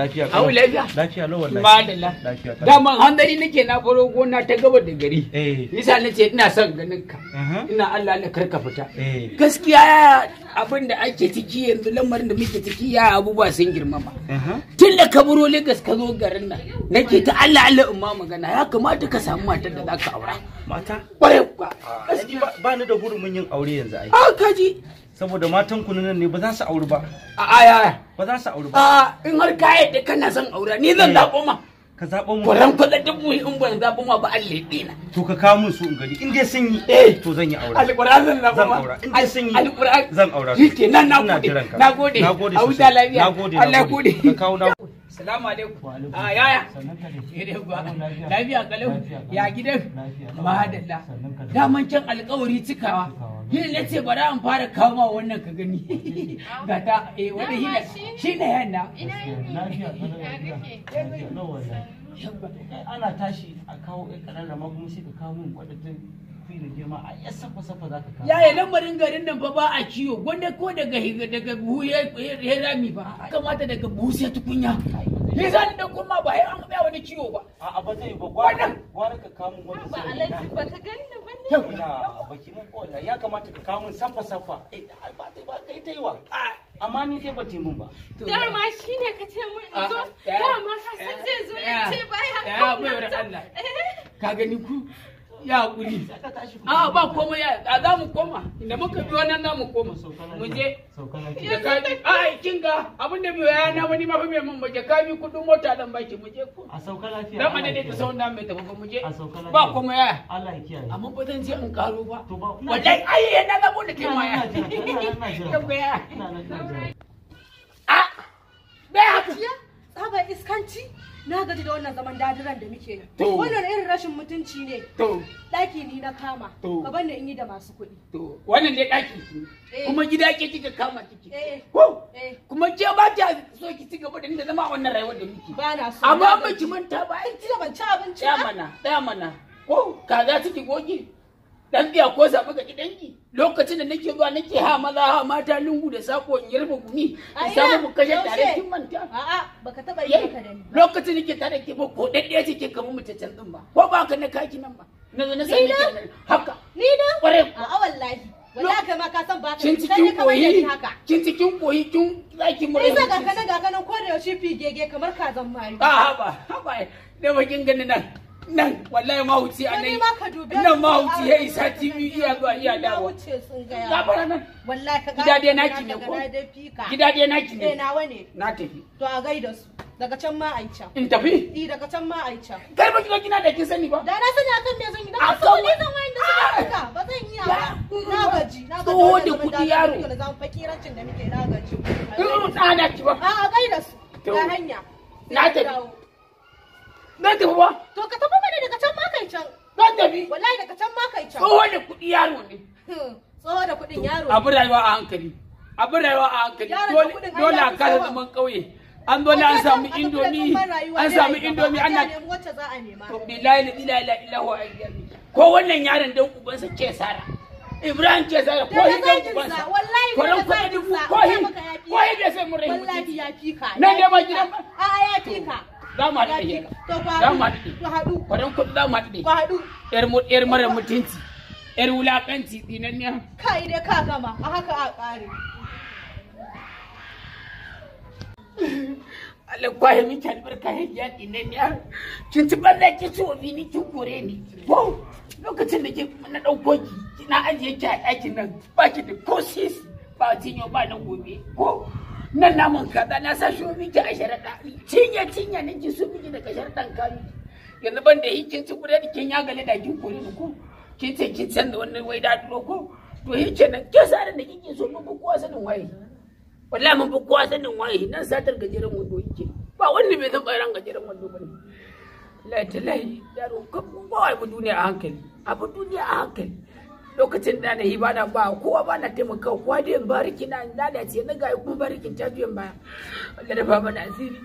lafiya kawo lafiya lafiya madalla daman hanzari nake na faro gona ta gaba da gari eh. yasa ce ina son ganin ka ina Allah Allah karka fita eh. gaskiya abin da ake ciki yanzu lamarin da muke ciki ya abubuwa sun girmama tun da ka buro Lagos ka zo garin nan nake ta Allah Allah in ma magana ya kamata ka samu matar da zaka aura mata ba ni da hurumin yin aure yanzu ai a ah, kaji saboda matan ku nan ne ba za su auri ba a aya ba za su auri ba a in har ka da kana son aura ni zan eh. zaɓo ma ka zaɓo mu kwada duk mu in ban zaɓo ma ba Allah ya na to ka kawo min su in gani in dai sun yi eh to zan yi aura alquran zan zaɓo ma in dai sun yi alquran zan aura shi ke nan na gode na gode a huta lafiya Allah gode ka kawo na gode salamu alaikum a ah, yaya lafiya kalau ya gidan mahadalla daman can alƙawari cikawa yin na ce ba an fara kama wannan ka gani ga ta eh wani shi shi ne yana ana tashi a kawo ɗan ƙarar da kuma sai ka kawo min kwaɗatin fili girma a ya safa safa za ka kawo yi lambarin garin nan ba ba a ciwo gwanda ko daga daga buhu ya rami ba kamata daga buhu sai tukunya ni zan da kuma ba sai an tsaya wani ciwo ba a ba zai ba gwanin gwanin ka kamun wani ba alaji ba ka gani na bane yau ba ki mun kola ya kamata ka kamun safa safa eh ba ta ba kai ta yi wa ah. amma ni sai ba ta mun ba dama shine ka ce mun zo ah, ah, dama ka san zai zo ya ce baya eh. ka gani ku ya hakuri a ba koma ya a za mu koma inda muka bi wannan za mu koma mu je ai ka kin ga abin da mai na wani mafi mai mun baje ka bi kudin mota dan baki mu je ko a sauka lafiya dan ana da ta sau da mai tafi mu je ba koma ya Allah ya kiyaye amma ba zan je in karo ba to ba wallahi ai yana da mu da kai ma ya ya a bai hakiya saba iskanci na gaji da wannan zaman dadiran da muke yi wannan irin rashin mutunci ne daki ni na kama ka bar in yi da masu kuɗi wannan ne daki eh. kuma gida ke kika kama kike eh. ko eh. kuma ke ba ta so ki ci gaba da inda zama wannan rayuwar da muke ba na so amma ba ki manta ba ai kina ban ci abinci ba mana ya mana ko kaza take goge dan biya ko zaɓi ga dangi lokacin da nake zuwa nake ha maza ha mata lungu da sako in yarba gumi in samu mu kashe tare kin manta a'a baka taba yi ka da ni lokacin nake tare ke ba ko dadde ce ke kamar can din ba ko ba ka na kaki nan ba na zo na sami kenan haka ni da kware a'a wallahi wallahi kai ma ka san ba ka kin cikin koyi kin cikin koyi kin zaki mu rai ga kana ga kana ko da yaushe gege kamar kazan mayu a'a ba ba da kin ganin nan nan wallahi mahauci a nan nan mahauci ya isa tv iya zuwa iya dawo fara nan gida dai naki ne ko gida dai naki ne na tafi to a gaida su daga can ma a can in tafi eh daga can ma a can ba kina da kin sani ba da na sani akan me zan yi so ne zan da ba zan yi na gaji na gaji da kudi yaro da zan fakirancin da muke na gaji ki ba a gaida su ta hanya na tafi Na tafi ba. To ka tafi mana daga can ma kai can. Zan tafi. Wallahi daga can ma kai can. Tsoho da kuɗi yaro ne. Hmm, Tsoho da kuɗin yaro. Abin rayuwa a hankali. Abin rayuwa a hankali. Dole a kasa zaman ƙauye. An dole an samu indomi. An samu indomi ana. Wacce za a nema. To bilahi la ilaha illa huwa Ko wannan yaron dan ubansa ke sara. Ibrahim ke zara ko hin da ubansa. Wallahi ko ran kuɗi dubu ko hin. Ko hin da sai mun rayu. Wallahi ya fika. Nan dai ma gidan. A'a ya fika. za mu haɗu da hira za mu haɗu kwadon kudu za mu haɗu da yar mara mutunci yar wulakanci tsinan ne kai dai ka gama a haka a ƙare Allah kwaye min ta albarka ya tsinan ne kin ci banza ki ci obi ni kin kore ni wow lokacin da ki na ɗauko ki kina ajiye ki a ɗakin nan ba ki da ko sisi ba tinyo ba na gobe ko nan namun kaza na sa shi miki a sharaɗa cinya cinye nake su miki kashar sharaɗan kayu yanzu ban da hikin kin ci guda kin ya gale da kin kore ko kin ce kin san da wannan wai da duro ko to yi nan ke sa da kike so mun kowa sanin waye wallahi mun kowa sanin waye nan satar gajeren wando yake ba wannan bai san bayan gajeren wando bane lai ta lai da ko ba wai duniya a hankali abu duniya a hankali lokacin da na yi ba na ba kowa ba na taimaka kowa da yin bariki na lalace na ga kuma bariki ta juyin ba wanda da ba na asiri